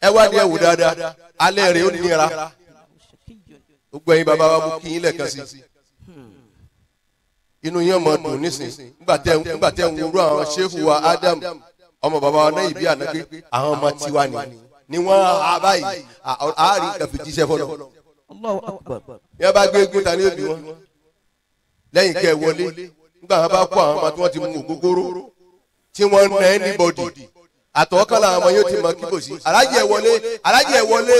ẹ wá ní ẹwù dáadáa alẹ́ rẹ̀ ó nira gbogbo ẹ̀yin bàbá wa mú kí yín lẹ́ẹ̀kan sí inú yín ọmọ dùn nísìn nígbà tẹ ń wúrú àwọn ṣéfù wa Adam ọmọ bàbá wa náà ìbí ànágbé àwọn ọmọ tiwa ni ni wọn á báyìí àárín kàfi jíṣẹ́ fọlọ yẹn bá gbé egun ta ní òbí wọn lẹ́yìn kẹ wọlé nígbà wọn bá kó àwọn ọmọ tí wọn ti mú ògógóró tí wọn ń nà anybody àtọ̀ọ́kàn làwọn ọmọ yóò ti mọ kíbò sí alájẹ wọlé alájẹ wọlé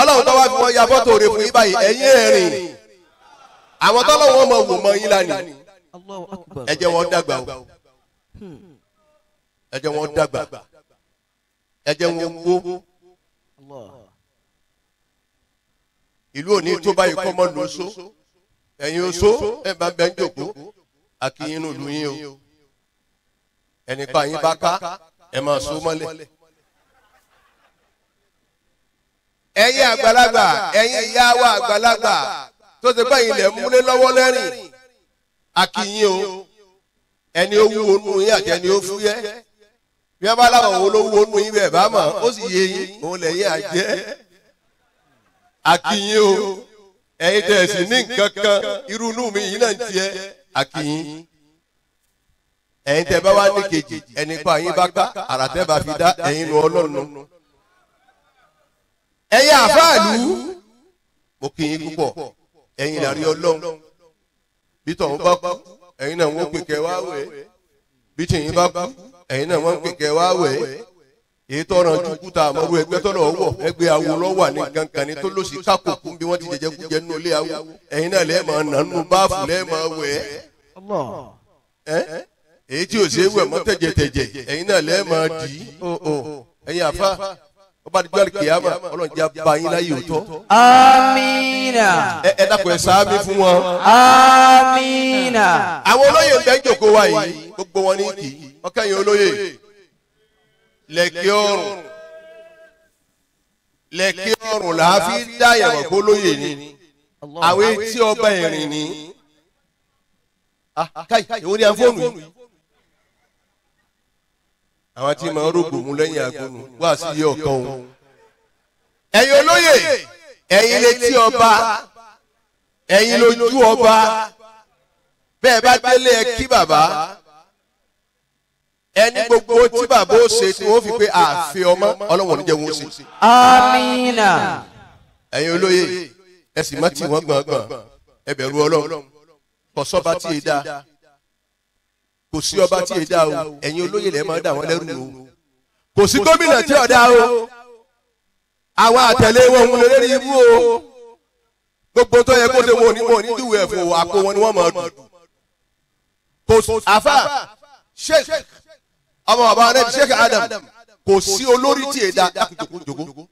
ọlọ́run tó wá fi wọn yabọ́ tó rè fún yín báyìí ẹ̀yin ẹ̀rìn àwọn tọ́lọ́wọ́n mọ̀ wò mọ yín lánìí ẹ jẹ́ wọn dàgbà o ẹ jẹ́ wọn dàgbà ẹ wọn wó ìlú òní tó báyìí kọ́ mọ́ lóso ẹ̀yin oṣó ẹ̀ bá bẹ́ẹ̀ ń jòkó àkìyìn nù lóyún o ẹnìkan yín bá ká ẹ máa so mọ́lẹ̀. ẹ̀yin àgbàlagbà ẹ̀yin ìyá wa àgbàlagbà tó ti gbẹ̀yìn lẹ̀ múlé lọ́wọ́ lẹ́rìn àkìyìn o ẹni ó wú onú yín àti ẹni ó fúyẹ́ bí wọ́n bá láwọn wo ló wú onú yín bẹ́ẹ̀ bá mọ̀ ó sì yé yín òun lẹ́yìn àjẹ́ àkìyìn o ẹ̀yin tẹ̀sí ní nǹkan kan irú inú mi yìí náà ń tiẹ̀ àkìyìn ẹ̀yin tẹ́ bá wá ní kejì ẹnipa yín bá ká àràtẹ́ bá fi dá ẹ̀yin nu ọlọ́run nu. ẹ̀yin àfáàlú mo kì í púpọ̀ ẹ̀yin làrí ọlọ́run bí tọ̀hún bá kú ẹ̀yin náà wọ́n pè kẹ́ wá wẹ̀ bí tìyín bá kú ẹ̀yin náà wọ́n pè kẹ́ wá wẹ̀ èyí tọrọ dúkú tá a mọ ẹgbẹ́ tọrọ wọ ẹgbẹ́ awo lọwọ ní gangan ní tó lọsí kákòkò bí wọn ti jẹjẹ kú jẹ nínú ilé awo ẹ̀yin náà lẹẹmọ nànú báàfù lẹẹmọ wẹ ẹ èyí tí ò ṣe wẹ̀ mọ́ ẹ̀yin náà lẹ́ẹ̀ máa dì í oh, oh. ẹ̀yin àfa ọba àdìgbò àlùkìyàmà ọlọ́njà bá yín láyé òótọ́. amiina. ẹ ẹ dàpọ̀ ẹ sáámi fún wọn. amiina. àwọn olóyè ń bẹ jòkó wa yìí gbogbo wọn ní kì í ọkàn yìí olóyè lẹ́kẹ́ ọ̀rùn lẹ́kẹ́ ọ̀rùn là á fi dá yàrá kó lóyè ni àwọn etí ọba ìrìn ni. Ah, káyì ìwọ ni à fóònù yìí àwọn tí màá rògbò mú lẹ́yìn àgbọ̀nù wá sí iye ọ̀kan òun. ẹ̀yin olóyè ẹ̀yin létí ọba ẹ̀yin lójú ọba bẹ́ẹ̀ bá délé ẹ kí bàbá ẹni gbogbo tí bàbá ó ṣe tí wọ́n fi pé àfi ọmọ ọlọ́wọ́n ní wọ́n ṣe. amina. ẹ̀yin olóyè ẹ sì má tì wọ́n gbọ̀ngbọ̀n ẹ ọlọ́run kò tí ì dáa kò sí ọba tí èdè àwọn ẹ̀yin olóyè lẹ́ẹ̀ máa dà wọ́n lẹ́rù o kò sí gómìnà tí ọ̀dà o àwọn àtẹ̀lé wọn ń lórí ibú o gbogbo tó yẹ kó ṣe wọn onímọ̀ onídìwé ẹ̀fọ́ àpò wọn ni wọ́n máa dùn kò àfà sheikh ọmọ bàbá rẹ sheikh adam kò sí olórí tí èdè àkùjọkùjọkù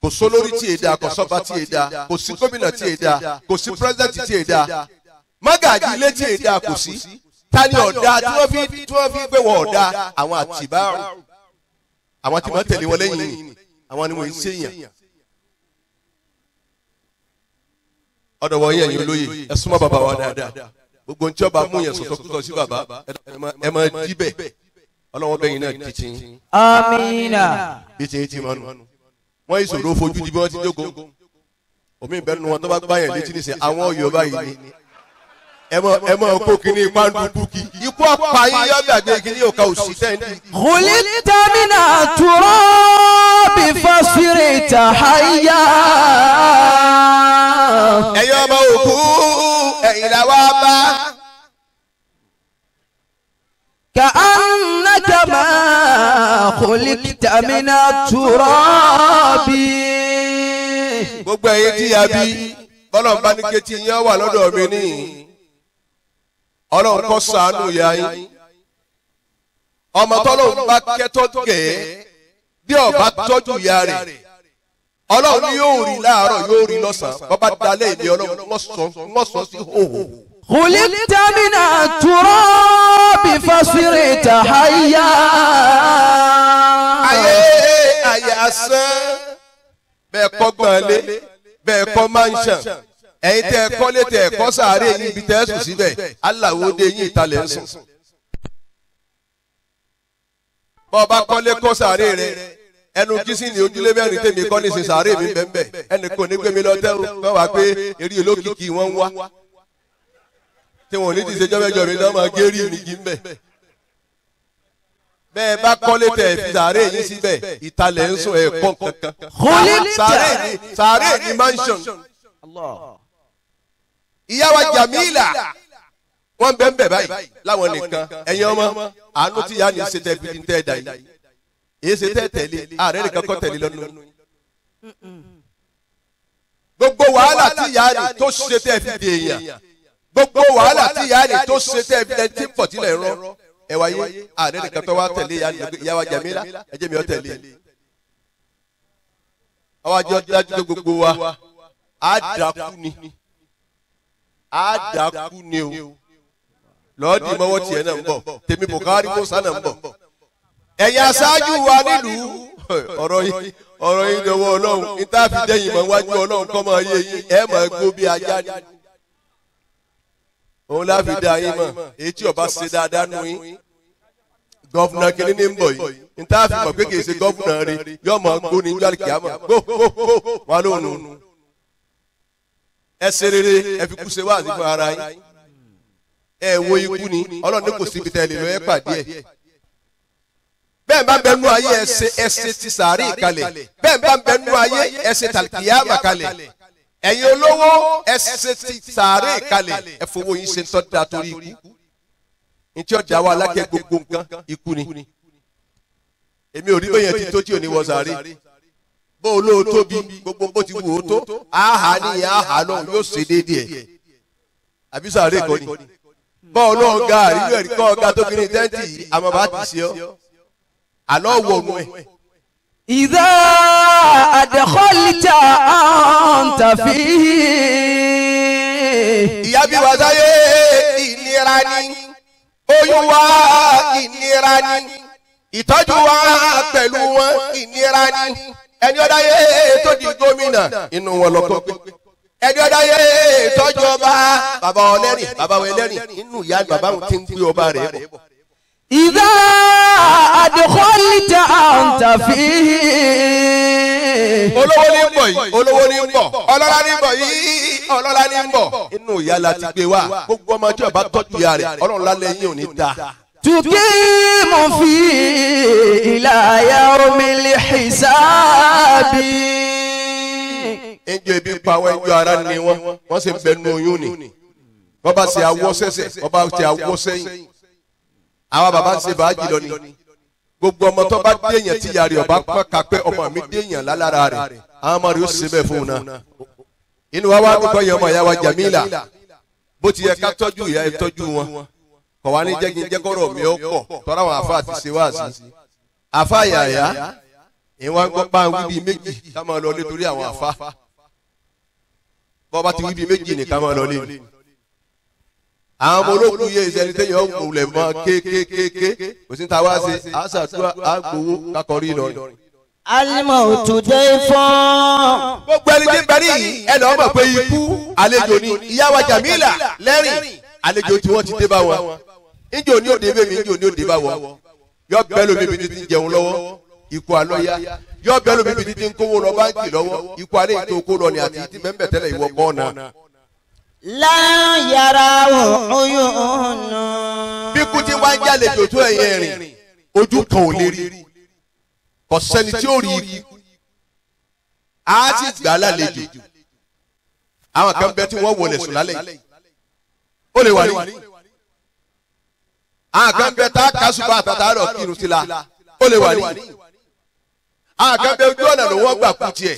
kò sólórí tí èdè àkọsọ́ba tí èdè kò sí gómìnà tí èdè kò sí pírẹ́sidẹ̀ntì tí èdè mọ́gàjì létí èdè àkùsí tani ọ̀dà tí wọ́n fi tí wọ́n fi gbé wọ ọ̀dà àwọn àtìbáwò àwọn tí tẹ̀lé wọn lẹ́yìn àwọn ni wọ́n ń ṣèyàn. ọ̀dọ̀ wọ̀nyí ẹ̀yin olóye ẹ súnmọ́ bàbá wa dáadáa gbogbo ní tí ọba mú yẹn sọ̀tọ̀ kútọ̀ sí bàbá ẹ máa jí bẹ́ẹ̀ ọlọ́wọ́ bẹ́yìn náà ti amiina. bí ti ti mọ́nu wọ́n yìí sọ̀rọ̀ fojú di bí wọ́n ti jókòó omi ìbẹ́nu wọn tó bá gbá yẹn létí nísìnyí àwọn Yorùbá yìí ni ẹ mọ kó kínní pàǹdùkúkì. ikú ọ̀pá yín yọ gbàgbé kínní òkà òsì tẹ́ǹtì. kùlí tẹ́mínà tùrọ̀ bí fásirì tàháyà. ẹ̀yin ọmọ òkú ẹ̀yin làwọn bá. كأنك ما خلقت من التراب gbogbo ẹ̀yin tí a bí bọ́lọ̀ bá ní kétí yẹn wà lọ́dọ̀ mi nìyí ọlọ́run kó ṣàánú ya yín ọmọ tọ́lọ́run bá kẹ́tọ́ gẹ̀ẹ́ bí ọba tọ́jú ya rẹ̀ ọlọ́run ni yóò rí láàárọ̀ yóò rí lọ́sàn-án bọ́bá dalẹ̀ ìdí ọlọ́run wọ́n sọ sí hòhò. خلقت من التراب فصرت حيا ayé ayé asán bẹ́ẹ̀ kọ́ gbọ̀nlé bẹ́ẹ̀ kọ́ mansion ẹ̀yin tẹ́ ẹ kọ́lé tẹ́ ẹ kọ́ sàárè yín ibi tẹ́ ẹ sùn síbẹ̀ aláwo dé yín ìtalẹ̀ ń sùn. bọ́ ọ bá kọ́lé kọ́ sàárè rẹ ẹnu jísìn ní ojúlé mẹ́rin tèmi kọ́ ní sin sàárè mi bẹ́ẹ̀ ẹnì kò ní gbé mi lọ tẹ́ o kọ́ wá pé eré olókìkí wọ́n ń wá tí wọn ò ní ti ṣe jọ́mẹ́jọ́ mi náà máa gérí mi jí mbẹ́ bẹ́ẹ̀ bá kọ́lé tẹ̀ fi sàárè yín síbẹ̀ ìtalẹ̀ ń sùn ẹ̀ kankan sàárè ni sàárè ni mansion. Allah ìyá wa Jamila wọn bẹ ń bẹ báyìí láwọn nìkan ẹ̀yin ọmọ àánú tí yá ni ṣe tẹ fi tẹ da yìí èyí ṣe tẹ tẹ̀lé ààrẹ nìkan kọ́ tẹ̀lé lọ́nu. gbogbo wàhálà tí yá ni tó ṣe tẹ fi dè èèyàn gbogbo wàhálà tí yá ni tó ṣe tẹ fi tẹ fọ̀tílẹ̀ rọ ẹwà yé ààrẹ nìkan tó wá tẹ̀lé ìyá wa Jamila ẹjẹ mi ọ tẹ̀lé àwọn àjọ dájú gbogbo wa á dàkú ni. á dákú ni o lọ́ọ̀dì mọ́wọ́ tiẹ̀ náà ń bọ̀ tèmi Bùkárí Mùsá náà ń bọ̀ ẹ̀yin aṣáájú wa nílùú ọ̀rọ̀ yìí ọ̀rọ̀ yìí dọwọ́ ọlọ́run níta dẹ́yìn mọ́ iwájú ọlọ́run kọ́ máa yé yín ẹ̀ ọba ṣe dáadáa nù yín gọ́fúnà kìíní ní ń bọ̀ yìí mọ̀ pé ṣe gọ́fúnà yọ̀ọ́ máa gbó ní ẹ ṣe rere ẹ fi kú ṣe wáàzí fún ara yín ẹ wo ikú ni ọlọ́run ní kò síbi tẹ́ ẹ lè lọ ẹ pàdé ẹ bẹ́ẹ̀ bá bẹnu ayé ẹsẹ̀ ẹsẹ̀ ti sàárì kalẹ̀ bẹ́ẹ̀ bá bẹnu ayé ẹsẹ̀ tàkìyàmà kalẹ̀ ẹ̀yin olówó ẹsẹ̀ ti sàárì kalẹ̀ ẹ̀fọwọ́ yìí ṣe ń tọ́ da ikú ntí ọjà wa alákẹ́ gbogbo nǹkan ikú ni èmi ò rí bẹ́yẹn ti tó tí ò ní wọ sàárì bó o lóo tóbi gbogbo bó ti wù ó tó àhà níyà àhà náà yóò ṣe déédéé àbí sàárè kọ́ ni bó o ga àríwú ẹ̀rí kọ́ ọ̀gá tó kiri tẹ́ǹtì àmọ́ ti ṣe ọ́ àlọ́ wọ̀ nù ẹ̀. ìdá àdẹ̀kọ́lìjà ọ̀ǹtà fi. ìyá bí wàá sáyé ìnira ni oyún wa ìnira ni ìtọ́jú wa pẹ̀lú wọn ìnira ni ẹni ọ̀dà yẹ tó di gómìnà inú wọn lọ tó gbé ẹni ọ̀dà yẹ tọ́jú ọba bàbá ọlẹ́rìn bàbá ọlẹ́rìn inú ìyá bàbá wọn ti ń gbé ọba rẹ̀ bọ̀. ìdá àdìkọ́lìtà àǹtàfí. olówó ní bọ̀ yìí olówó ní bọ̀ ọlọ́lá ní bọ̀ yìí ọlọ́lá ní bọ̀ inú ìyá la ti gbé wa gbogbo ọmọ tí ọba tọ́jú ìyá rẹ̀ ọlọ́run lálẹ́ yìí ò ní dáa. تقيم في إلى يوم الحساب ẹnjọ ebi pa wọn ẹnjọ ara ni wọn wọn sì bẹnu oyún ni wọn bá ti awọ sẹsẹ wọn bá ti awọ sẹ́yìn àwọn baba ń ṣe bàájì lọ ni gbogbo ọmọ tó bá déèyàn tí yàrá ọba pọn kápẹ ọmọ mi déèyàn lálára rẹ àwọn ọmọ rẹ ó ṣe bẹ́ẹ̀ fún un náà inú wa wá dúpọ yẹn ọmọ ìyá wa Jamila bó ti yẹ ká tọ́jú ìyá ẹ tọ́jú wọn kọ̀ wá ní jẹ́kí jẹ́kọ̀rọ̀ mi ó pọ̀ tọ́ra àwọn àfa àti ṣe wá sí àfa yàyà ìwà gbọ́pá wíbi méjì ká máa lọ lé torí àwọn àfa bọ́ bá ti wíbi méjì ní ká máa lọ lé ni àwọn ọmọ olókùn yé ìṣẹ́ni téèyàn ń gbòòlẹ̀ mọ́ kékékéké kò sí ta wá ṣe àṣàdúrà àgbòwò kakọrí Ìlọrin alimọ òtúndé fún. gbogbo ẹni tí ń bẹ ẹ lọ́ọ́ mọ̀ pé ikú àlejò ni ìyá Jamila lẹ́rìn àlejò tí wọ́n ti dé bá wọn níjẹ́ òní òde bẹ́ẹ̀ mi níjẹ́ òní òde bá wọ yọ bẹ́ẹ̀ lómi mi ti jẹun lọ́wọ́ ikú alọ́yá yọ bẹ́ẹ̀ lómi mi ti kówó lọ báńkì lọ́wọ́ ikú alẹ́ ètò okó lọ ni àti ti mẹ́mbẹ́ tẹ́lẹ̀ ìwọ kọ́ ọ̀nà. láyàrá òyùn nù. bí kú wá ń jalè tòótọ́ ẹ̀yẹ rìn ojú kan ò lè rí kò sẹ́ni tí ó rí ikú á sì gbà á lálejò àwọn kan bẹ tí wọ́n wọlé sùn lálẹ́ yìí ó lè wà rí àgànbẹ tá a kà ṣùgbọ́n àtàtà rẹ̀ kírun sí la ó lè wà ní. àgànbẹ ojú ọ̀nà ló wọ́n gbà kú tiẹ̀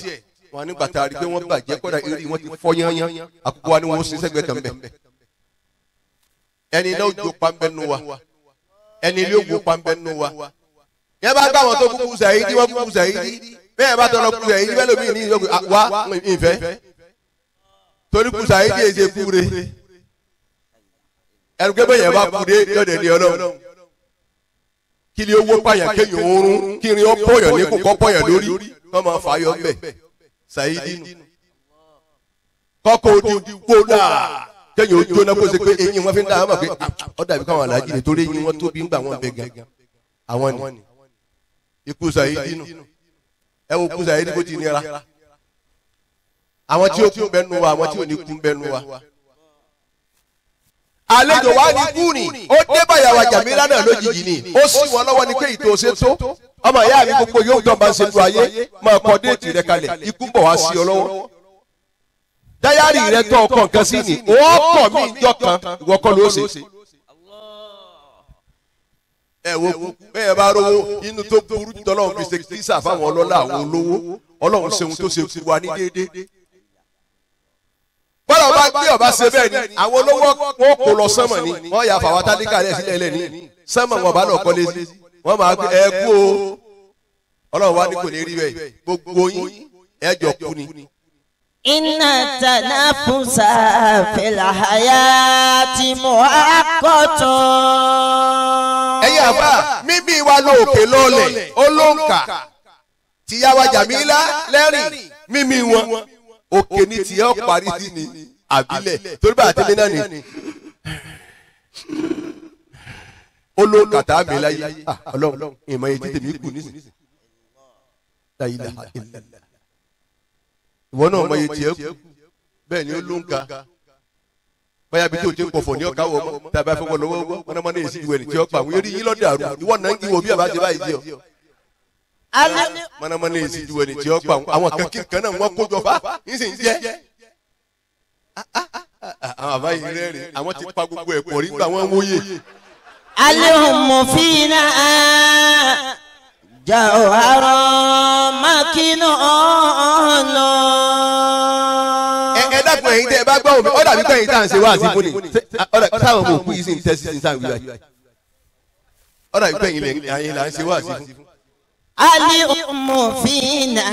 wọn ní bàtà rí pé wọ́n bàjẹ́ kọ́dà eré wọn ti fọ́ yányán àkókò wa ni wọ́n sin sẹ́gbẹ̀ẹ́ kan bẹ̀. ẹni náà jó pàmbẹ́ nu wa ẹni ilé òwò pàmbẹ́ nu wa. yẹn bá gbà wọn tó kúkú sàyídí wọn kúkú sàyídí bẹ́ẹ̀ bá tọrọ kúkú sàyídí bẹ́ẹ̀ lómi ní ah, ìfẹ́ torí kúkú sàyídí èsè ẹnu gbé bẹ́yẹn bá kú dé yọ̀dẹ̀ ní ọlọ́run kí ni owó pààyàn kéèyàn oorun kí ni ó pọ̀yàn ní kókó pọ̀yàn lórí wọ́n máa fà á yọ mbẹ̀ ṣàyídì nù kọ́kọ́ odi gbóná kéèyàn ó jóná kó ṣe pé eyín wọn fi ń dá àwọn pé ah, ah, ó dàbí káwọn aláàjì ni torí eyín wọn tóbi ń gbà wọn bẹ gan àwọn ni ikú ṣàyídì nù ẹ wo ikú ṣàyídì bó ti nira àwọn tí ó kú bẹ́ẹ̀ nu wa àwọn tí ò ní kú bẹ́ẹ̀ nu wa àlejò wa ní gúnì ó dé báyàwó àjàmílá náà lójijì ni ó sì wọn lọ́wọ́ ni pé ètò ṣe tó ọmọ ìyá mi gbogbo yóò tó bá ń ṣe lu ayé máa kọ déètì rẹ kalẹ̀ ikú bọ̀ wá sí ọ lọ́wọ́. dáyàrí rẹ tó ọkọ nǹkan sí ni wọ́n kọ̀ mí ìjọ kan ìwọ kọ́ ló ṣe. ẹ wo bẹ́ẹ̀ bá rówó inú tó burú jùlọ ọ̀hún fi ṣe tíṣà fáwọn ọlọ́lá àwọn olówó ọlọ́run ṣe ohun tó ṣe fún wa ní déédéé bọ́lá ọba gbé ọba ṣe bẹ́ẹ̀ ni àwọn olówó wọn kò lọ sánmọ̀ ni wọ́n yà fàwọn tálíkà rẹ̀ sílẹ̀ lẹ́ni sánmọ̀ wọn bá lọ kọ́lé sí wọ́n máa gbé ẹ o ọlọ́run wa ní kò ní rí bẹ́ẹ̀ gbogbo yín ẹ kú ni. iná tànà fúnṣà fìlàhàyà ti mú akọ́tọ̀. ẹ̀yin àbá mímí wa lọ òkè lọ́lẹ̀ olóǹkà tìyàwó Jamila lẹ́rìn mímí wọn òkè ní tiẹ̀ ó parí sí ni àbílẹ̀ torí bá àtẹ́lẹ́ náà ni ó ló kàtà mi láyé ah, ọlọ́run ìmọ̀ èyí tètè mi kù nísìnyí láyìlá ìwọ náà mọ iye tiẹ̀ kù bẹ́ẹ̀ ni ó ló ń ka báyà bí tí o ti ń pọ̀fọ̀ ní ọ̀ka wọ̀ mọ́ tàbí afẹ́wọ́ lọ́wọ́ wọ́n náà mọ́ ní èsì ìwé ni tí ó pa àwọn eré yín lọ́dà àrùn ìwọ náà ń kí bí àbájẹ báyìí di ọ mọ̀nàmọ́ná èsì ju ẹni tí ó pa àwọn kankan kan náà wọ́n kójọ fa ń sì ń jẹ́ àwọn àbáyé àwọn ti pa gbogbo ẹ̀ pọ̀ rí gbà wọ́n wóye. alihumma fina jawhara makinu ọ̀nà. ẹ dákun ẹ̀yin tẹ ẹ bá gbọ́ òbí ọ̀dà bí pẹ́yìn tá à ń ṣe wá àti fúnni táwọn ọmọ òkú yìí sì ń tẹ́sí sí sáà wíwáyé ọ̀dà bí pẹ́yìn lẹ́yìn là ń ṣe wá àti fún. الأم فينا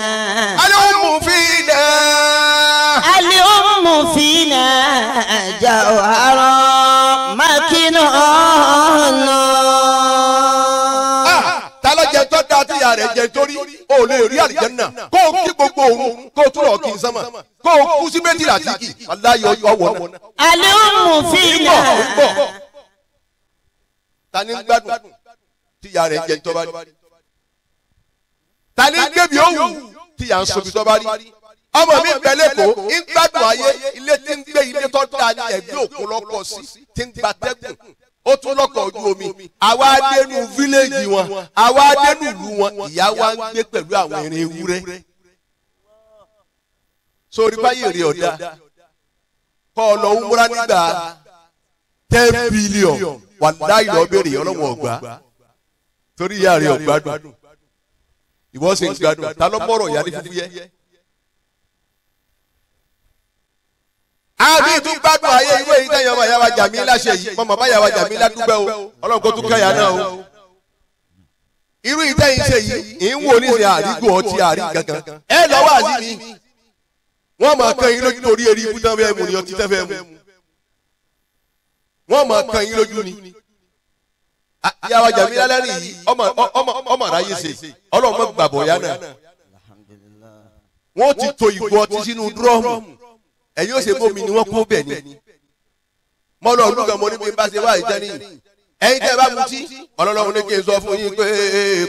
الأم فينا الأم فينا جوهر مكنون tálọ́jẹ tó da tí ìyá rẹ̀ jẹ torí o lè rí àlìjẹ́nà kó o kí gbogbo òun kó o túnrọ̀ kí n sánmà kó ni ta ni gbèbí òwú tí yà ń sobi tó bá rí ọmọ mi bẹ lẹkọọ ń gbádùn ayé ilé tí ń gbé ilé tó dáa ní ẹgbẹ́ òkun lọkọ sí tí ń gba tẹkùn ó tún lọkọ ojú omi àwa adẹnu fíléèjì wọn àwa adẹnu ìlú wọn ìyá wa ń gbé pẹ̀lú àwọn erin ewúrẹ́ sórí báyìí rí ọ̀dà kọ́ ọ lọ wúmúra nígbà ten billion wà láyìí lọ bèrè ọlọ́wọ́ ọ̀gbá torí ìyá rẹ̀ ọ̀gbádùn ìwọ sì ń gbádùn ta ló mọ̀rọ̀ ìyá ní fúfúyẹ́. àbí tún gbádùn ayé ìwé yìí tẹ̀yìn ọmọ ìyá wa jàmí láṣẹ yìí mọ bàbá ìyá wa jàmí ládùúgbẹ́ o ọlọ́run kó tún kẹ́yà náà o. irú ìtẹ̀yìn ṣe yìí ń wò ní ìsìn àrígò ọtí àrí gangan ẹ lọ́wọ́ àzí mi wọ́n máa kan yín lójú torí eré ibú fẹ́ mu ni ọtí tán fẹ́ mu wọ́n máa kan yín lójú ni yàwá jàmí lálẹ́rì yìí ọmọ ọmọ ọmọ ráyè ṣe ọlọ́mọ gbàbọ̀ yá náà wọ́n ti to ìgò ọtí sínú dúrọ́ọ̀mù ẹ̀yin ó bómi ni wọ́n kó bẹ̀ ni mọ́lọ́ olùkọ́ mo ní bí n bá ṣe wá ìjẹ́ nìyí ẹ̀yin tẹ́ ẹ bá mutí ọlọ́lọ́run ní kí n sọ fún yín pé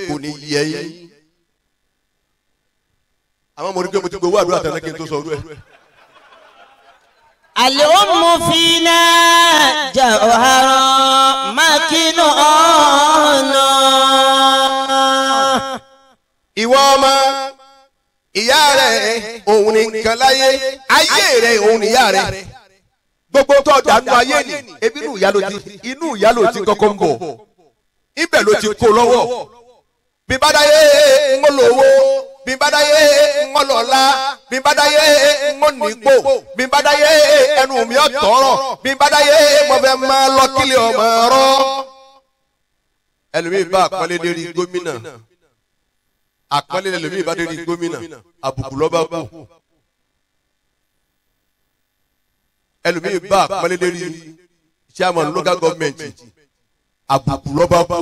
kò ní yí ẹ̀yin àwọn ọmọ onígbé mo ti gbowó àdúrà tẹ́lẹ̀ kí n tó sọ ọdún ẹ̀. àlè ó mú fi náà ọ̀hán. ọmọ ìyá rẹ̀ òun nìkan láyé ayé rẹ̀ òun nìyá rẹ̀ gbogbo tó dànù ayé ni ebi inú ìyá ló ti inú ìyá ló ti kọ́kọ́ ń bọ̀ ibẹ̀ ló ti kó lọ́wọ́ bí bá dáyé ń lówó bí bá dáyé ń mọ́ bí bá dáyé ń mọ́ bí bá dáyé ẹnu mi ò bí bá dáyé mo fẹ́ lọ kílẹ̀ ọmọ rọ ẹlòmíì bá àpọ́nlé lérí gómìnà àpọ́nlé lẹ́lòmíì bá dé di gómìnà àbùkù lọ́ba kù ẹlòmíì bá àpọ́nlé lérí chairman local government àbùkù lọ́ba kù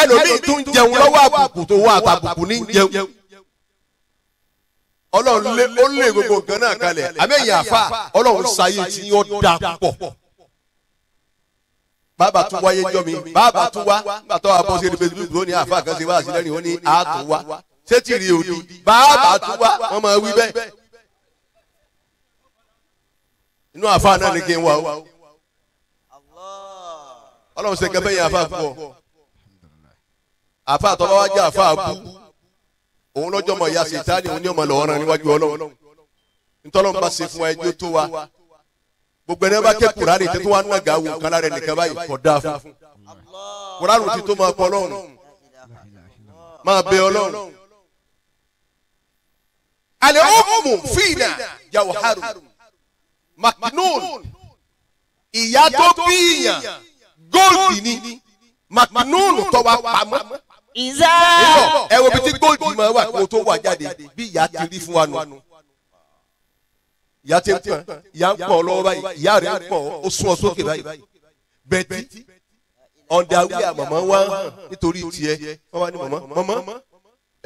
ẹlòmíì tún jẹun lọ́wọ́ àbùkù tó wà àtàbùkù ní jẹun ọlọ́run lé ó lé gbogbo nǹkan náà kalẹ̀ àmẹ́yìn àfa ọlọ́run sáyé tí yóò dà pọ̀ bàbá tún wáyé jọ mi bàbá tún wá nígbà tó àbọ̀ ṣe rìbẹ̀tì bíbí òní àfa kan ṣe wá sí lẹ́rìn òní àtún wá ṣé tí rí òní bàbá tún wá wọ́n máa wí bẹ́ẹ̀. inú àfa náà ni kí n wá o ọlọ́run ṣe kẹfẹ́ yẹn àfa fún ọ àfa àtọ́wá wájú àfa àbú òun lọ́jọ́ mọ̀ ya ṣètáni òun ni ọmọ lọ́wọ́ rán níwájú ọlọ́run ntọ́lọ́mùbá ṣe fún ẹjọ́ tó wa gbogbo ẹni bá ké kurani tètè wà nínú ẹgà wò kálá rẹ nìkan báyìí kọ dáa fún kurani ti tó máa kọ Ọlọ́run máa bẹ Ọlọ́run alẹ ọmọ fìlà jawharu maknun ìyá tó bíyàn góòlì ni maknun tó wà pamọ́ ìzá ẹ wo bí tí góòlì máa wà kó tó wà jáde bí ìyá ti rí fún wa nù ìyá ti ń pọ̀ ìyá ń pọ̀ lọ́wọ́ báyìí ìyá rẹ̀ ń pọ̀ ó sún ọ sókè báyìí bẹ́ẹ̀tì ọ̀dà wíyà màmá wá hàn nítorí tiẹ̀ wọ́n wá ní màmá màmá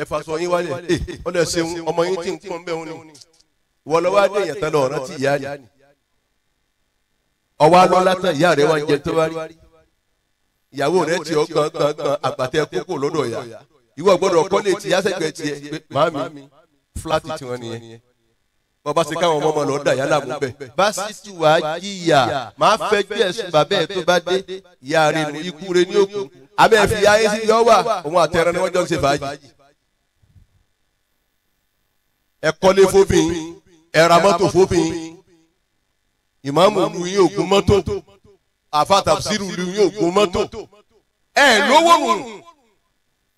ẹ̀fà sọ yín wálẹ̀ ẹ̀ ọ̀dà ṣeun ọmọ yín ti ń pọ̀ bẹ́ẹ̀ ni wọ́n lọ́wọ́ adé èèyàn tán lọ ọ̀rán ti ìyá rẹ̀ ọwọ́ alọ́lá tán ìyá rẹ̀ wá ń jẹ tó wá rí ìyàwó rẹ̀ ti gangan àgbàtẹ kókò lọ́dọ̀ yà ìwọ gbọ́dọ̀ kọ́lé tìyá sẹ́gbẹ̀ẹ́ tiẹ̀ máàmì fúláàtì tiwọn nìyẹn wọn bá ṣe káwọn ọmọ ọmọ lọ dà yálà mú bẹ. Básítù wá jìyà máa fẹjú ẹ̀sùn bàbá ẹ̀ tó bá dé ìyá rẹ̀ nù ikú rẹ̀ ní òkú abẹ́ fi ayé sí yọ wà òun àtẹ̀rẹ́ ni wọ́n jọ ń ṣe fàájì. ẹ kọ́lé fóbìn mọ́tò fóbìn ìmáàmù lu yín ògùn mọ́tò àfa lu yín ògùn mọ́tò ẹ lówó wù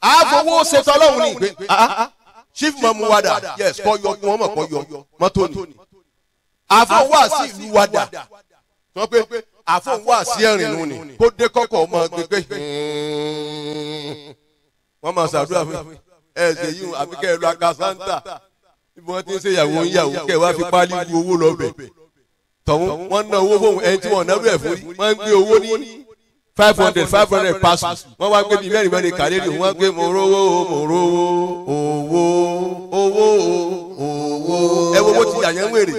á fowó ṣetọ́ ní ìgbé chief mamu wada yes kọ yọ wọn mọ kọ yọ mọtò ni àfọwọ́ wá ìlú wada wọ́n pé àfọwọ́ wá sí ẹ̀rìn nù ni kó dé kọ́kọ́ ọmọ gbégbé wọ́n máa ṣàdúrà fún mi ẹ̀ ṣe yíyún àbíkẹ́ ẹ̀rọ akasanta ibi wọ́n ti ń ṣe ìyàwó ìyàwó kẹ́ wá fi pálí owó lọ bẹ̀ tọ̀hún wọ́n ná fóun ẹni tí wọ́n náwó ẹ̀ fún wọ́n ń gbé owó ní five hundred five hundred pass wọ́n wá gbé bíi mẹ́rin mẹ́rin kàlẹ́ lò wọ́n gbé mo rówó mo rówó owó owó owó ẹ wo bó ti yàyàn wèrè.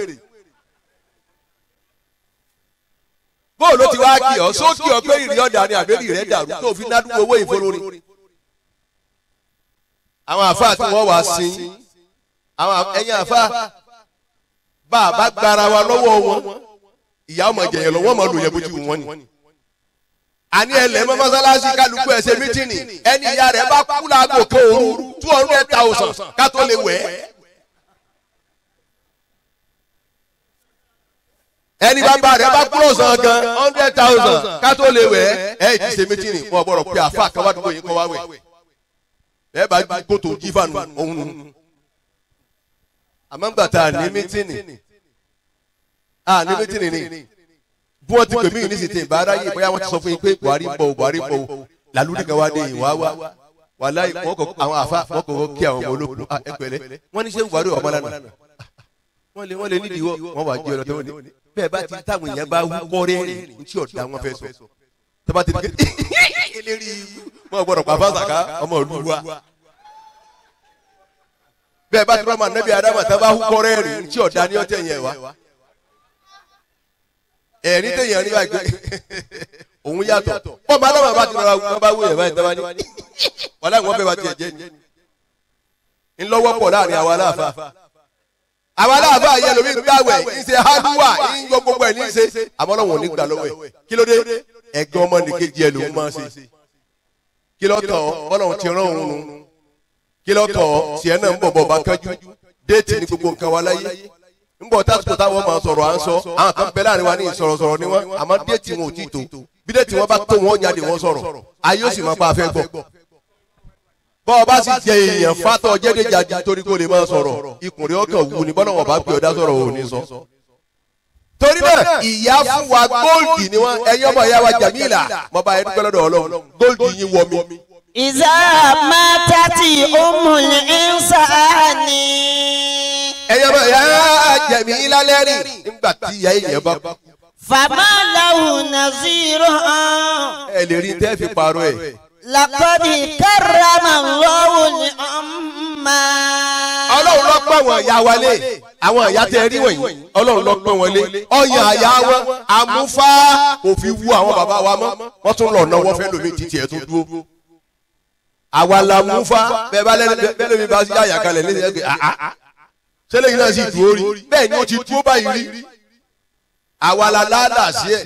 bóò ló ti wá kí ọ sókè ọ pé ìrìn ọ̀dà ni àbẹ́rì rẹ̀ dàrú tó fi nádùn owó ìforo ni. àwọn àfáà tí wọ́n wá sí àwọn ẹ̀yìn àfáà bá a bá gbára wa lọ́wọ́ wọn ìyá ọmọ jẹ̀yẹ̀ lọ́wọ́ ọmọ lòyẹ̀ bójú wọn ni. àní ẹlẹ́mọ́ mọ́sálásí kálukú ẹ̀ṣẹ̀ mítìnì ẹni ìyá rẹ̀ bá kú láago kan òru two hundred thousand ká tó lè wẹ̀ ẹ́. ẹni bàbá rẹ̀ bá kú lọ́sàn gan hundred thousand ká tó lè wẹ̀ ẹ́ ẹ̀ ti ṣe mítìnì wọn bọ̀rọ̀ pé àfa kan wá kọ́ wá wẹ̀ ni. bí wọ́n ti pè mí ní sète ìbáráyè bóyá wọ́n ti sọ fún yín pé buhari ń bọ̀ o buhari ń bọ̀ o làlúrí kan wá dé ìwà wá wàláì wọn kò àwọn àfa wọn kò kí àwọn ọmọ olókùn ah, ẹgbẹ̀lẹ́ wọ́n ní ṣé buhari ọmọ lánàá wọ́n lè wọ́n lè nídìí wọ́ wọ́n wà jí ọ̀rọ̀ tó wọ́n ní bẹ́ẹ̀ bá ti táwọn èèyàn bá wú kọ́rẹ́ ní tí ọ̀dà wọn fẹ́ sọ tó bá ti dìgbé eléri ẹ̀rí téèyàn rí báyìí pé òun yàtọ̀ wọ́n bá dábàá bá ti rọra wọ́n bá wúyẹ̀ báyìí tẹ́wá ní wọ́n láì wọ́n fẹ́ bá tiẹ̀ jẹ́ ni ńlọ́wọ́ pọ̀ láàrin àwa aláàfà àwa aláàfà yẹ lómi gbàwẹ̀ ń ṣe hálùwà ń yọ gbogbo ẹ̀ ní ṣe àmọ́ lọ́wọ́ ní gbà lọ́wọ́ ẹ̀ kí ló dé ẹ̀gbẹ́ ọmọ nìkejì ẹ̀ lòún máa ṣe kí ló tọ̀ ọlọ́run ti rán òun kí ló tọ̀ tiẹ̀ náà ń bọ̀ bọ̀ bá kájú déètì ní gbogbo nǹkan wa láyé nbọ tásìkò táwọn máa sọ̀rọ̀ à ń sọ àwọn kan bẹ láàrin wa ní ìsọ̀rọ̀sọ̀rọ̀ ni wọn àmọ́ díẹ̀ tí wọn ò tí tó bí díẹ̀ tí wọn bá tó wọn jáde wọn sọ̀rọ̀ ayé ó sì máa pa afẹ́ gbọ́. bọ́ ọ bá sì jẹ èèyàn fátọ̀ jẹ́dẹ́jáde torí kò lè máa sọ̀rọ̀ ikùn rẹ̀ ọkàn wù ní bọ́lá wọn bá gbé ọ̀dá sọ̀rọ̀ ò ní sọ. torí náà ìyá fún wa góòlì ni wọn ẹyẹ ọmọ ìyá wa Jamila mo bá yẹn dúpẹ́ lọ́dọ̀ Ọlọ́run góòlì yín wọ mi. ìzá máa tàtí ó mú ń sáà ní ẹyẹ bá yà á jẹ̀mí lálẹ́ rìn nígbà tí ìyá ìyẹn bá kú. fàmà làwùn nàzírò hàn. ẹ lè rí tẹ́ fi parọ́ ẹ̀. làkọ́dì kẹ́rẹ́mà lọ́wọ́ ni ọ̀ma. ọlọ́run ló pọ̀ wọ́n ya wálé àwọn ìyá tẹ rí wọ̀nyí ọlọ́run ló pọ̀ wọ́n lé ọyàn àyà wọn àmúfá òfin wú àwọn bàbá wa mọ́ wọ́n tún lọ náwó fẹ́ lómi títí ẹ̀ tó dúró àwa la bẹ́ẹ̀ bá lẹ́nu bẹ́ẹ̀ lómi bá yà kalẹ̀ lẹ́sẹ̀ ẹ̀ sẹ́lẹ̀yìn náà sì dúró rí bẹ́ẹ̀ ni ó ti dúró báyìí rí àwa la láàlà sí ẹ̀.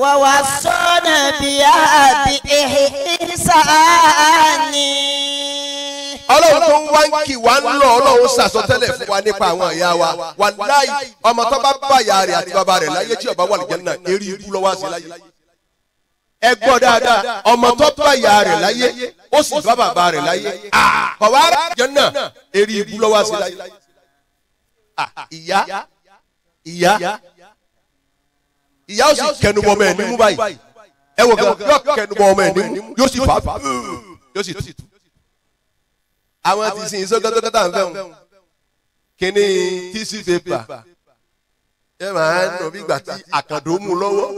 wàwà sọ́nà bí a bí ìsàánì. ọlọ́run tó ń wá ń kì wá ń lọ ọlọ́run sàsọtẹ́lẹ̀ fún wa nípa àwọn ìyá wa wàláhì ọmọ tó bá bá ìyá rẹ̀ àti bàbá rẹ̀ láyé tí ọba wà lè jẹun náà eré ikú lọ́wọ́ àṣẹ láyé. ẹ gbọ́ dáadáa ọmọ tó bá ìyá rẹ̀ láyé ó sì bá bàbá rẹ̀ láyé àbọ̀wá jẹun náà eré ikú lọ́wọ́ àṣẹ láyé ìyá ìyá ìyá ó sì kẹnu bọ ọmọ ẹ nímú báyìí ẹ wò gan yóò kẹnu bọ ọmọ ẹ nímú yóò sì fà yóò sì tù. àwọn ti sin sókòtòkòtò à ń fẹ́ wọn kíní tíṣì pépà ẹ máa ń nù bí ìgbà tí àkàndó mú lọ́wọ́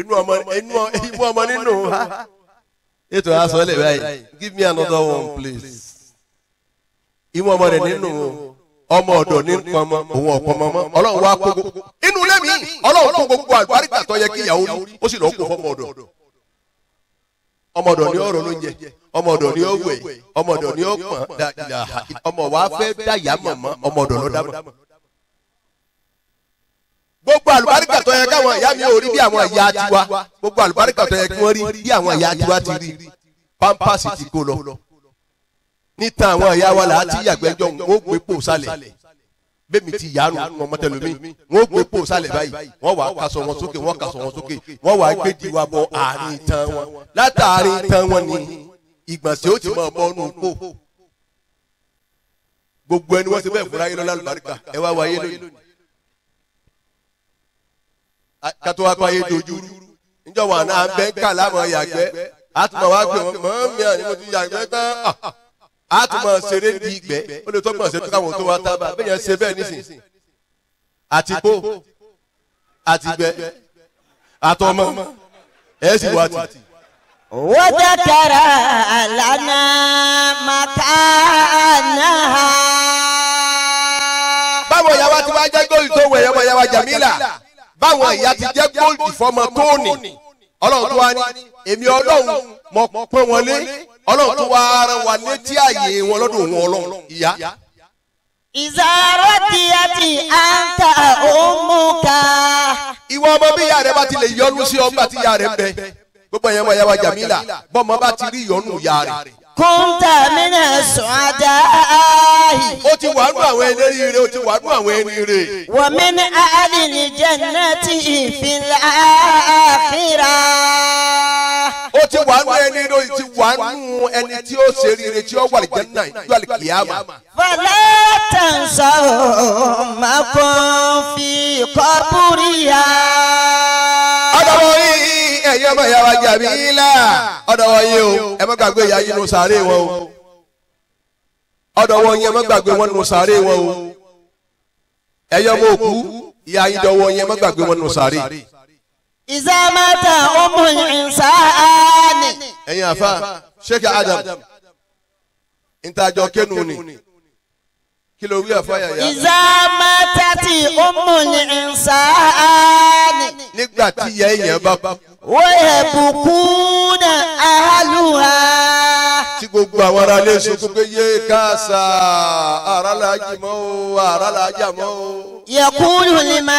inú ọmọ inú ọmọ nínú wa. ètò àsọlẹ̀ báyìí give me another one please. imú ọmọ rẹ̀ nínú o. ọmọ ọdọ ní pọnmọ òun ọpọmọmọ Ọlọ́run wa kó inú mi, Ọlọ́run kó gbogbo àgbáríkà tó yẹ kí ìyàwó ó sì lọ kó fọmọ ọmọ ọdọ ni ọmọ ọdọ ni ó ọmọ ọdọ ni ó ọmọ wa ọmọ ló gbogbo àlùbáríkà tó yẹ káwọn ìyá mi ò rí àwọn ìyá tiwa gbogbo àlùbáríkà àwọn ìyá ti rí níta àwọn ìyá wa là á ti yàgbẹ́jọ́ ń ó gbé pò sálẹ̀ bẹ́ẹ̀mi ti yanu mọ̀mọ́tẹ́lómi wọ́n gbé pò sálẹ̀ báyìí wọ́n wàá kaṣọ wọn sókè wọ́n kaṣọ wọn sókè wọ́n wàá gbé diwa bọ àárín itan wọn látàárín itan wọn ni ìgbọ̀nsẹ̀ ó ti máa bọ́ ọ́nù kó gbogbo ẹni wọ́n ti bẹ́ẹ̀ fúnra yín lọ́la lùbáríkà ẹ wá wáyé lónìí kátó wá pa ayé dojú níjọ́ wà náà bẹ́ńkà láwọn yàgbẹ́ àtúmọ̀ wá pè wọ́n mọ́ mi à a tún máa ṣeré di ìgbẹ́ ó lè tọ́gbọ̀n ṣe tó káwọn tó wá tábà bẹ́ẹ̀ yẹn ṣe bẹ́ẹ̀ nísìn àti gbó àti gbẹ àtọmọ ẹ sì wá ti. wọ́jà tara àlànà màkà náà. báwo ìyá wa ti jẹ́ góòlù tó wẹ̀ ẹ̀yọ́ ìyá wa Jamila báwo ìyá ti jẹ́ góòlù ìfọmọ tóòní ọlọ́run tó wá ní èmi ọlọ́run mọ̀ pé wọ́n lé ọlọ́run tó wá ara wa létí ààyè wọn lọ́dọ̀ òun ọlọ́run ìyá. ìzàrọ̀ ti a ti à ń ta òmù ká. ìwọ ọmọ bí ìyá rẹ bá ti lè yọnu sí ọgbà tí ìyá rẹ bẹ gbogbo ẹ̀yẹ́mọ̀ ẹ̀yẹ́wà Jamila bọ́mọ bá ti rí ìyọnu ìyá rẹ kúńtà mínà sùn ajá yìí. ó ti wàánú àwọn eléré rẹ ó ti wàánú àwọn ẹni rẹ. wọ́n ní àlìní jẹ́ náà ìfìlà àkírà. ó ti wà nù ẹni ló ti wà nù ẹni tí ó ṣe rere tí ó wà lè jẹun náà yóò lè àmà. fọlá tẹ̀sán ò fi kọ́búrì yá. ọ̀dọ̀wọ̀ yìí ẹ̀yin ọmọ ìyá wa jàbí yìí o ẹ má gbàgbé ìyá yìí nù sàárè wọn o ọ̀dọ̀wọ̀ yìí ẹ má gbàgbé wọn nù sàárè o òkú ìyá gbàgbé wọn إذا مات أمه الإنسان يا أفا شيك آدم أنت جوكي نوني كيلو أفا يا يا إذا ماتت أمه الإنسان نقلتي يا يا بابا ويبكون أهلها تقوى ورا نسوك يا كاسا أرالا جمو أرالا جمو يقول الملائكة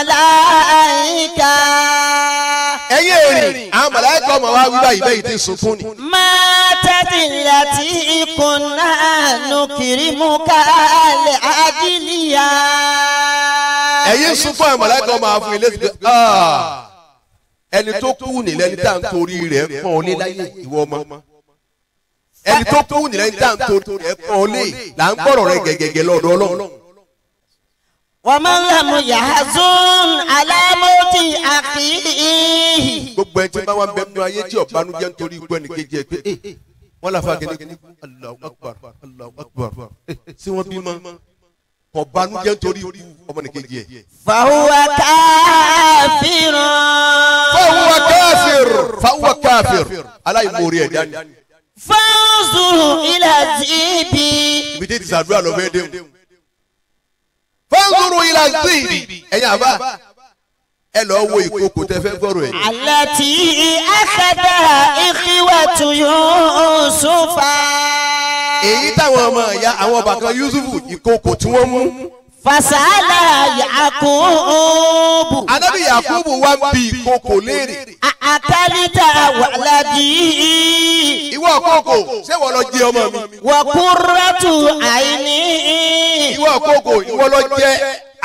ẹ̀yin èrìn àwọn màláíkà ọmọ wa wí báyìí bẹ́ẹ̀ tí ń sunkún ni. máa tẹ́tí láti ikùn náà nù kiri mú kálẹ̀ ájílíyà. ẹ̀yin sunkún àwọn màláíkà ọmọ àfún ilé ti pé ah, ẹni tó kú nílẹ̀ ní tá à ń torí rẹ̀ pọ́n ọ lé láyé ìwọ ọmọ ẹni tó kú nílẹ̀ ní tá à ń torí rẹ̀ pọ́n ọ lé là ń gbọ́rọ̀ rẹ̀ gẹ́gẹ́gẹ́ lọ́dọ̀ wọ́n lẹ́mu yahazun alámọ́tì àkìí. gbogbo ẹni tí bá wà ń bẹ nínú ayé tí ọ̀bánújẹ́ nítorí ikú ẹnì kejì ẹ pé eh, eh, wọ́n làfa gẹ́gẹ́ Allahu Akbar Allahu eh, sí wọ́n bímọ ọ̀bánújẹ́ nítorí ikú ọmọ ẹnì kejì ẹ. fahuwa káfíìrù. fahuwa káfíìrù. fahuwa káfíìrù. aláìmoore ẹ̀dá ni. fáwọn zùn ilà zìbì. ibi tí ti sàdúrà lọ fẹ́ dé fọ́nrú ilà zibi ẹ̀yin àbá ẹ lọ wo ìkókò tẹ fẹ́ gbọ́rọ̀ ẹ̀. àlàtì àṣàdá ìkíwàtú Yusufa. èyí táwọn ọmọ ìyá àwọn bàkan Yusufu ìkókò tí wọ́n mú fasala yakubu. anabi yakubu wá ń bi koko léèrè. àtàlítà wàlàjì. ìwọ koko ṣé wọ́n lọ jẹ ọmọ mi. wàkúrọ́tù àìní. ìwọ koko ìwọ lọ jẹ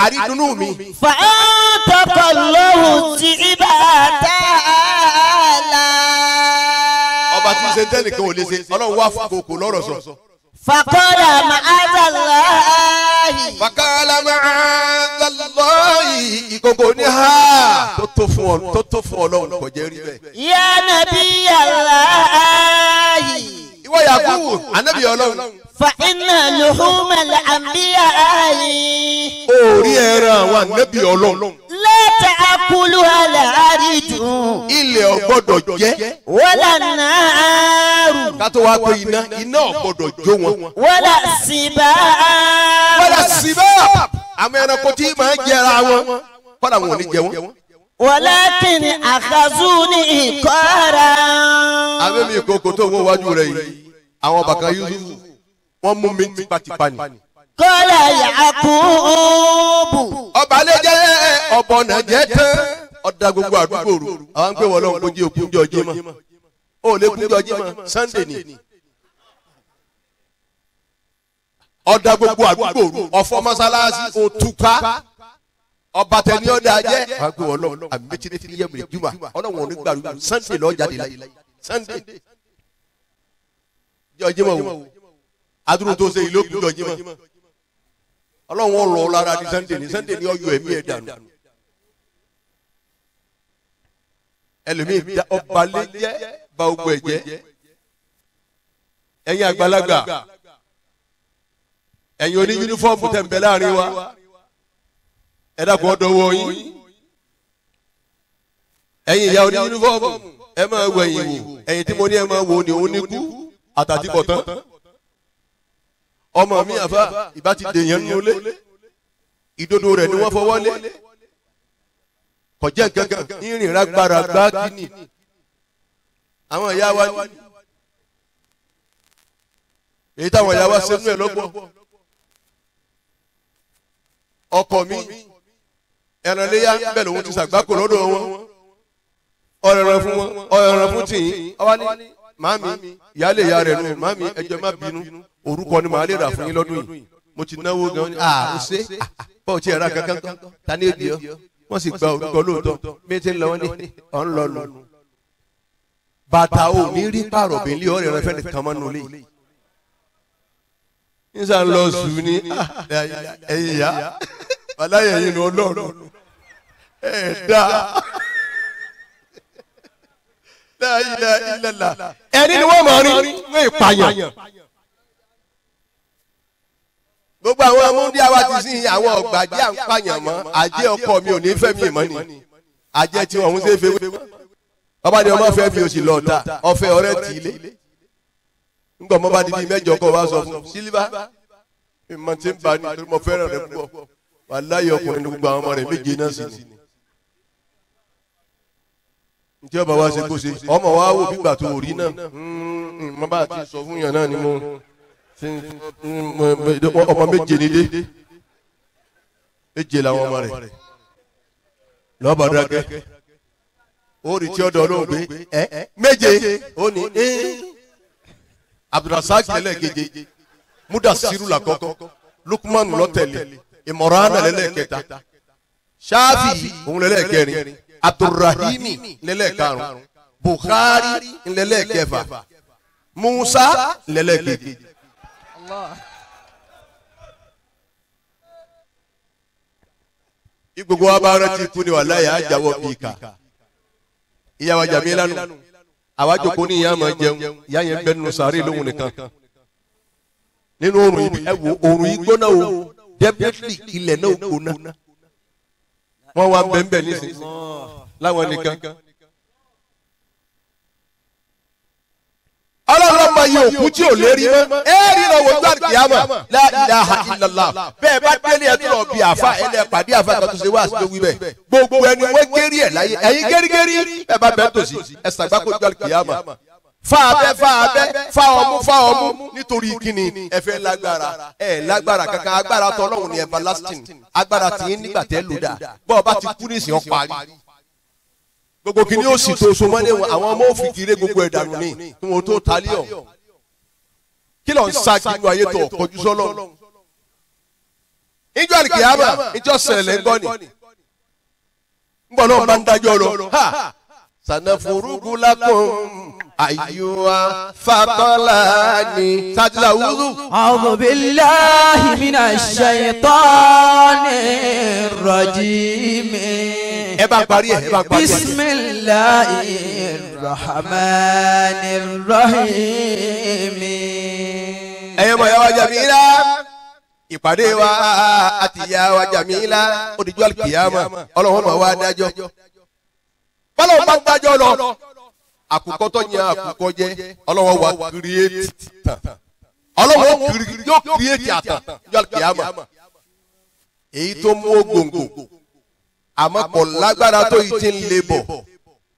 àrídùnnú mi. fàántọ́kọ̀ lóhùn tí ibà tá a la. ọba ń ṣe tẹ́nìkan ò lè ṣe ọlọ́run wá koko lọ́rọ̀ sọ fàkọ́lá màázàláhì. fàkọ́lá màázàláhì ìkòkò ní ha. tó tó fún ọ tó tó fún ọlọ́run kò jẹ́ rí bẹ́ẹ̀. yá nàbí yàláhì. ìwọ Yakubu ànábì ọlọ́run. fa iná lùhùmà làǹbíyà áyì. orí ẹran àwọn ànábì ọlọ́run tẹ akulu ala arijun. ilẹ̀ ọ̀gbọ́dọ̀ jẹ́. wọ́lá náà tó wá pé iná iná ò gbọdọ̀ jó wọn. wọ́lá síbá. wọ́lá síbá. àwọn ẹranko tí màá jẹra wọn kọ́dà wọn ò ní jẹ wọn. wọ́lákìn àkàzú ní ìkọ́ra. abẹ́mi ìkókò tó wọ́n wájú rẹ̀ yìí àwọn bàkà Yusufu wọ́n mú mi tipátipá ni kọ́lá yakubu. ọba lè jẹ́ tán ọ̀dà gbogbo àdúgbò rò àwọn ń wọ́n lọ́wọ́ kó jẹ́ òkú jẹ́ ọjọ́ mọ́ o lè kú jọjí mọ sunday ni ọ̀dà gbogbo àdúgbò ọ̀fọ̀ mọ́sálásí òtúpa ọba tẹni ọ̀dà jẹ́ àgbẹ̀ ọlọ́run àmì méjì ní fílíọ̀ mìíràn jùmọ̀ ọlọ́run òní gbàdúrà sunday lọ́ọ́ jáde láyé sunday jọjí mọ̀ wò adúrò tó ṣe ìlú òkú jọjí mọ̀ ọlọ́run ọ̀rọ̀ lára ní sunday ní sunday ní ọyọ ẹ̀mí ẹ̀ dànù ẹlòmíì ọbalẹ̀ jẹ́ ba ogbó ẹ̀ jẹ́ ẹ̀yin àgbàlagbà ẹ̀yin oní yunifọ́ọ̀mù tẹ̀ ń bẹ láàrin wa ẹ dàpọ̀ ọ̀dọ̀ wọ yín ẹ̀yin ìyá oní yunifọ́ọ̀mù ẹ máa wọ ẹ̀yìn wò ẹ̀yìn tí mo ní ẹ máa wò ni ní kú àtàtì bọ̀tán ọmọ mi àfa ìbá ti dèèyàn ní olé ìdodo rẹ̀ ni wọ́n fọwọ́ lé kọjá gángan ìrìn rágbára gbá kínní àwọn ìyá wa ní èyí táwọn ìyá wa ṣe nú ẹ̀ lọ́gbọ́n ọkọ mi ẹran léyà bẹ́ẹ̀ lòun ti ṣàgbákò lọ́dọ̀ wọn ọ̀rẹ̀rẹ̀ fún wọn ọ̀rẹ̀rẹ̀ fún tìyín ọwọ́ ní màámi ìyáálé ìyá rẹ̀ nù màámi ẹjọ́ má bínú orúkọ ni màá lè rà fún yín lọ́dún yìí mo ti náwó gan ni ah ó ṣe ah, bọ́ọ̀ tí ẹ̀ ra kankan tán ta ní èdè ọ wọ́n sì gba orúkọ lóòótọ́ bí ti ń lọ wọn ní ọ̀ ń lọ lọ́nu bàtà ò ní rí pààrọ̀ bí ilé ọ̀rẹ́ rẹ fẹ́ nìkan mọ́nú lé nígbà lọ sùn ní ah, ẹ̀yìn ìyá aláyẹ̀ yìí ni ọlọ́run ẹ̀ dá láìlẹ̀ ìlẹ̀là ẹni ni wọ́n mọ̀ rí ní ìpààyàn gbogbo àwọn amúndíá wa ti sìn àwọn ọgbà jẹ́ àpàyàn mọ́ àjẹ́ ọkọ mi ò ní fẹ́ mi ni àjẹ́ tí wọ́n ń ṣe é ọba ni ọmọ fẹ́ mi ò sì lọ ta ọfẹ ọ̀rẹ́ tì í lé ńgbọ mọba di di mẹ́jọ kọ wa sọ fún sílíbà ìmọ̀ tí ń bá ní torí mo fẹ́ràn rẹ púpọ̀ wà láyé ọkùnrin ní gbogbo àwọn ọmọ rẹ méje náà sì ni. ǹjẹ́ ọba wa ṣe kó ṣe ọmọ wa wò bígbà tó rí náà mo hmm, bá ti sọ fún yàn náà ni mo ọmọ méje ni dé méje làwọn ọmọ rẹ lọ́ọ́ bá dákẹ́ ó rí tí ó dọ̀ lóhùn pé ẹ méje ó ní ẹ abdulrasaq lẹ́lẹ́keje mudasiru làkọ́kọ́ lukumanu lọ́tẹ̀lẹ̀ imorana lẹ́lẹ́kẹta shafi òun lẹ́lẹ́kẹrin abdulrahimi lẹ́lẹ́karùn bukhari lẹ́lẹ́kẹfà musa lẹ́lẹ́keje. igbogbo wa bá rántí kú Bika ìyá wa Jamila nù àwa jòkó ní ìyá máa jẹun ìyá yẹn bẹ nínú sàárè lóhùn nìkan nínú oòrùn yìí ẹ wo oòrùn yìí gbóná o definitely ilẹ̀ náà gbóná wọ́n wá bẹ́ẹ̀ bẹ́ẹ̀ nísìnyí láwọn nìkan. mọ iye òkú tí ò lérí mọ́ ẹ rí lọ wọ́n gbàdúrà kìámà la ilaha illallah bẹ́ẹ̀ bá délé ẹ tó lọ bí àfa ẹ lẹ pàdé àfa kan tó ṣe wá àṣìṣe wí bẹ́ẹ̀ gbogbo ẹni wọ́n gẹ́rí ẹ̀ láyé ẹ̀yin gẹ́rígẹ́rí ẹ bá bẹ́ẹ̀ tòsí ẹ sàgbákò gbàdúrà kìámà fa abẹ fa abẹ fa ọmú fa ọmú nítorí kíni ẹ fẹ́ lágbára ẹ lágbára kankan agbára tọlọ́run ni everlasting agbára tìyín nígbà tẹ lòdà bọ ọba ti kú nísìnyí ọ parí gbogbo kìíní ó sì tó so mọ́lẹ̀ wọn àwọn ọmọ òfin kiri gbogbo ẹ̀dàrú ni tí wọn tó talí ọ̀ kí ló ń ṣáájú ayé tó ọ̀kọ́jú sọ́lọ́ níjọ́ àlìkìyàmà níjọ́ sẹ̀lẹ̀ ńgọ́ ni ńgbọ́n náà bá ń dájọ́ lọ ha sànàfùrúgù lákùn àyùwà fàtọ́láni sàtìláwùzù. a'udhu billahi minash shaitani rajim. ẹ bá parí ẹ ẹ bá parí ẹ. bismillahir rahmanir ẹ̀yẹ́ mọ̀ yàwá Jamila ìpàdé wa àti yàwá Jamila odijọ́ àlùkìyàmà ọlọ́run máa wá dájọ́ bọ́lọ́run bá dájọ́ lọ àkùkọ tó yan àkùkọ jẹ ọlọ́run wa kírìẹ́tì tán ọlọ́run yóò kírìẹ́tì àtàn yọ àlùkìyàmà èyí tó mú ògòǹgò àmọ́ kò lágbára tó yìí ti ń le bọ̀.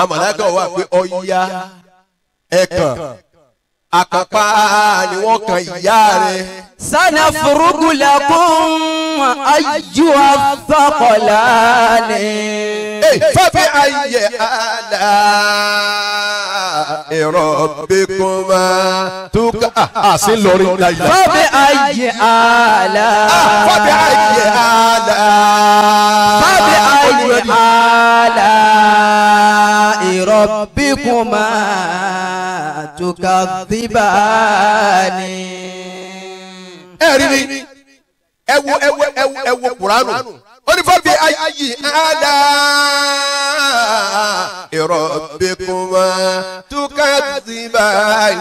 amọ̀láka wà pé ọ̀ya ẹ̀kàn àkàpà ni wọ́n kan ìyá rẹ̀. sana furugu lakum ayu afakolani. fàbí ayé àlá ìrọ̀bíkúmá túkà. àṣìlórí ah, ah, láyé. fàbí ayé àlá. Ah, fàbí ayé àlá. ربكما تكذبان ẹ̀rí mi ẹ wo ẹ wo ẹ wo ẹ wo kuranu onífọ̀bí ayé ada ìrọ̀bìkùnmá túkàtìmá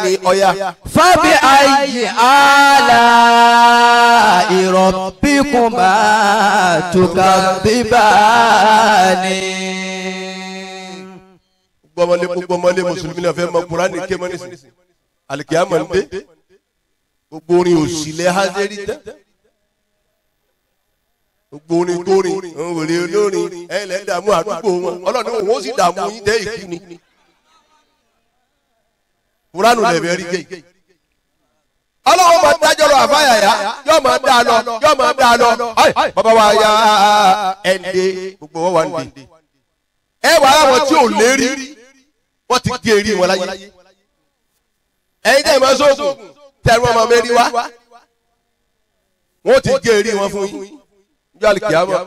ní ọ̀yà. fọ́bí ayé ada ìrọ̀bìkùnmá túkàtìmá ní gbọmọlé gbọmọlé mùsùlùmí náà fẹ́ mọ kúránì kémọ́nì sí alikiyama ń dé gbogbo orin òsìlẹ̀ hazeri tẹ́ gbogbo orin tórin òwèrè olórin ẹ̀lẹ́ dààmú àdúgbò wọn ọlọ́ni òun ó sì dààmú yín tẹ́ ìkú ni kúránù lẹ̀bẹ̀ rí gẹ̀ẹ́ ọlọ́run máa dájọ́ lọ àfáyàyà yóò máa dá lọ yóò máa dá lọ bàbá wa ya ẹ̀ ń dé gbogbo wọn wà ń dé ẹ wàá àwọn tí ò lérí wọ́n ti gé eré wọn láyé ẹ̀yin tẹ̀ mọ́ sóògùn tẹ̀rù ọmọ mẹ́rin wá wọ́n ti gé eré wọn fún yín ní alìkìyàmọ̀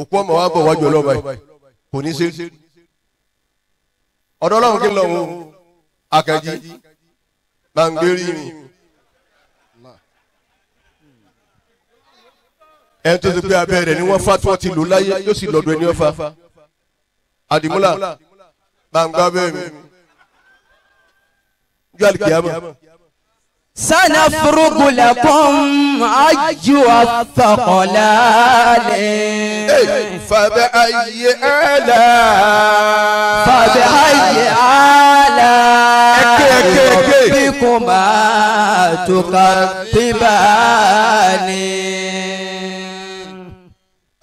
òkú ọmọ wa bọ̀ wájú ọlọ́mọ yìí kò ní ṣe ọ̀dọ́ ọlọ́run kí n lọ wò ó akẹ́jì gbàǹgbérí mi. ẹni tó ti pé abẹ́ rẹ̀ ni wọ́n fa tí wọ́n ti lò láyé yóò sì lọ́dọ̀ ẹni ọ̀fà àdìmúlà gbangba bẹ́ẹ̀ mi ju alikiyama. سنفرغ لكم أيها الثقلان فبأي آلاء فبأي آلاء ربكما تكذبان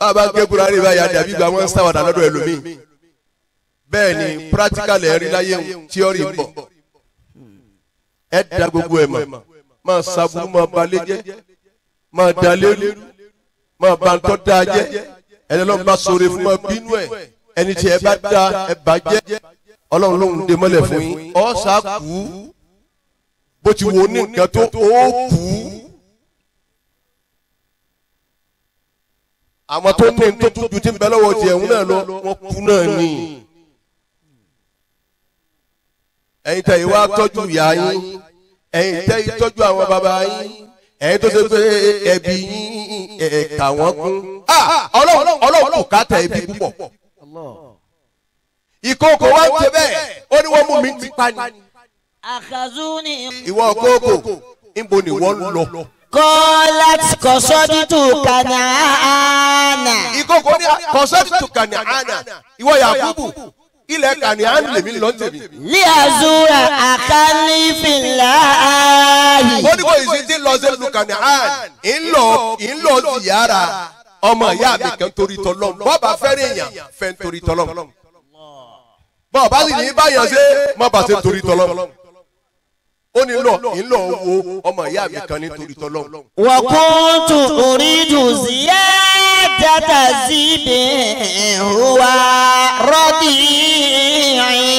أبا كبراني بيا دبي بامون سوا دلالو إلومي bẹ́ẹ̀ ni practical ẹ̀ rí láyé tíọ́rì ń bọ̀ ẹ da gbogbo ẹ̀ mọ̀ máa sabu máa balẹ̀ jẹ́ máa dalẹ̀ rú máa bantọ́ da jẹ́ ẹni lọ́n bá sọ̀rọ̀ fún ma bínú ẹ̀ ẹni tí ẹ bá da ẹ bá jẹ́ ọlọ́run ló ń de mọ́lẹ̀ fún yín ọ́ sá kú bó ti wò ní nǹkan tó ó kú. àwọn tó ní tó tún ju ti ń lọ́wọ́ tiẹ̀ ń náà lọ wọ́n kú náà nìyí ẹ̀yin tẹ́ ìwà tọ́jú ìyá yín ẹ̀yin tẹ́ ìtọ́jú àwọn bàbá yín ẹ̀yin tó ṣe pé ẹbí yín ẹ̀ka wọn kún ọlọ́run ọlọ́run kò káàtà ẹbí púpọ̀ ìkókò wa ń tẹ bẹ́ẹ̀ ó ní wọ́n mú mi ti pa ni. àkàzú ni. ìwọ kókò níbo ni wọ́n lọ kọ́lát kọ́sọ́dítù kànáánà. ìkókò ní kọ́sọ́dítù kànáánà ìwọ Yakubu ilẹ̀ kàní à ń lèmi lọ tèmi. ní àzúrà àkàlí fìlà ààyè. ó ní kò yìí sí ti lọ sí ìlú kàní à ń lọ ń lọ ziyara ọmọ ìyá mi kan torí tọlọ́m bọ́ọ̀bà fẹ́rẹ̀ èèyàn fẹ́ torí tọlọ́m bọ́ọ̀bà sì ní báyọ̀ ṣe má bàa ṣe torí tọlọ́m ó ní lọ ńlọ wo ọmọ ìyá mi kan nítorí tọ́lọ́. wà kó tún orí dùn sí ẹ́ jata síbi ìhùwà rọ́bì yìí.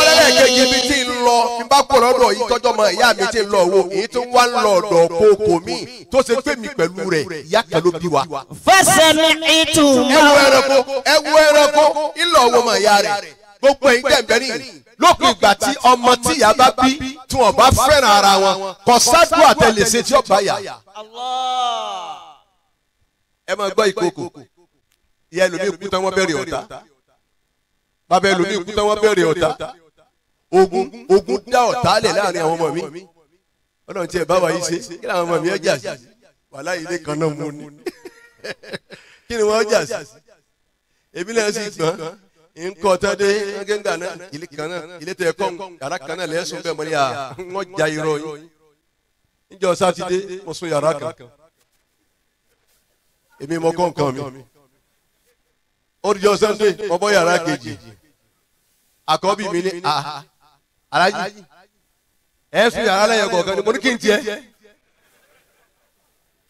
ọlọ́dẹ̀ kejì mi ti ń lọ n bá kó lọ́dọ̀ yìí tọ́jọ́ mọ ìyá mi ti ń lọ wo èyí tó wá ń lọ ọ̀dọ̀ kókò mi tó ṣe pé mi pẹ̀lú rẹ̀ ìyá kan ló bí wa. fẹsẹ̀ mi ìtumọ̀. ẹ wo ẹranko ẹ wo ẹranko ńlọ wo mọ ìyá rẹ̀ gbogbo ẹ̀yin tẹ̀ bẹ́ẹ̀ lópin ìgbà tí ọmọ tí ìyá bá bí tí wọn bá fẹ́ràn ara wọn kò sádùn àtẹlẹsẹ tí ọba yà. ẹ máa gbọ́ ìkókò ìyá ẹlòmíì kú tán wọ́n bẹ̀rẹ̀ ọ̀tá bàbá ẹlòmíì kú tán wọ́n bẹ̀rẹ̀ ọ̀tá ogun ogun dá ọ̀tá lẹ̀ láàrin àwọn ọmọ mi ọlọ́run tí ẹ bá wa yìí ṣe kí làwọn ọmọ mi ẹ jà sí wàhálà ilé kan náà mú ni kí ni wọ́n jà sí èmi náà sì gbọ́n nkọ tán dé ńgé ńgbà náà ilé kan náà ilé tẹ kọ́ yàrá kan náà lẹ́sùn bẹ́ẹ̀ mọ́lẹ́yà wọ́n ja irọ́ yín níjọ́ sátidé mo sùn yàrá kan èmi mọ kọ́ nǹkan mi orijọ sunday mo bọ́ yàrá kejì àkọ́bí mi ní aha alájí ẹ sùn yàrá lẹ́yìn kọ̀ọ̀kan ni mo ní kí n tiẹ̀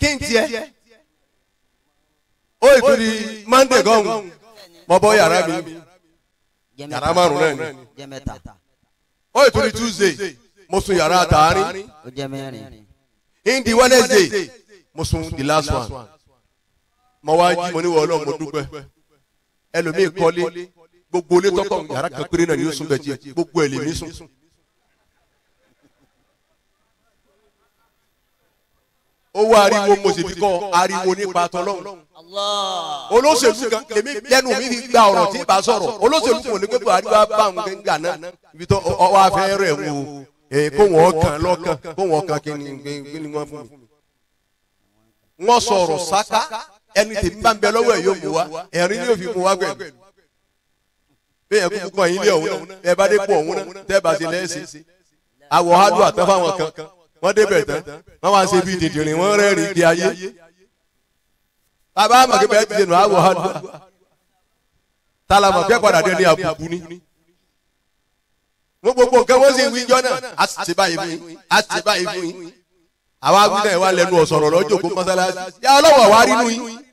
kí n tiẹ̀ ó ìtúrí monday gan mo bọ́ yàrá mi yàrá márùn náà ni ó yẹ torí tuesday mo sùn yàrá àtàárín indi wednesday mo sùn the last one mo wá jí mo ní wọ Ọlọ́run mo dúpẹ́ ẹlòmíì kọ́lé gbogbo olé tọkọ yàrá kan péré náà ni ó sùn bẹ́ẹ̀ tiẹ̀ gbogbo ẹ̀ lè mí sùn. owó ariwo mo sì fi kọ́ ariwo nípa tọ́lọ́hún. olóṣèlú kan èmi lẹ́nu mi fi gba ọ̀rọ̀ tí ì bá sọ̀rọ̀ olóṣèlú kò ní pé buhari wá bá àwọn gẹ́gà náà ibi tó ọwọ́ afẹ́ rẹ̀ wò kó wọ́n kàn lọ́kàn kó wọ́n kàn kí ni wọ́n fún mi. wọ́n sọ̀rọ̀ sáká ẹni tèmi bá ń bẹ lọ́wọ́ ẹ̀ yóò mú wa ẹ̀rín yóò fi mú wa pẹ̀lú. bẹ́ẹ̀ kúkú kan yín lé ọ̀hún náà ẹ bá dé pọ̀ ọ̀hún náà tẹ́ bá ti lẹ́sìn àwọ̀ hádùn àtẹ́fáwọn kan wọ́n débẹ̀ tán wọ́n wá ṣe bí dìndìnrín wọ́n rẹ́rìn ìdí ayé bàbá àmọ̀ kí bẹ́ẹ̀ dìde nù àwọ̀ àdúrà tálámọ̀ kẹ́ padà dé ní àbùkù ni wọ́n gbogbo nǹkan wọ́n sì wí jọ́ náà a sì ṣe báyìí fún yín a sì ṣe báyìí fún yín àwa wí náà wà lẹ́nu ọ̀sọ̀rọ̀ lọ́jọ́ kó mọ́sálásí yà ọlọ́wọ̀ wá rí nù yín.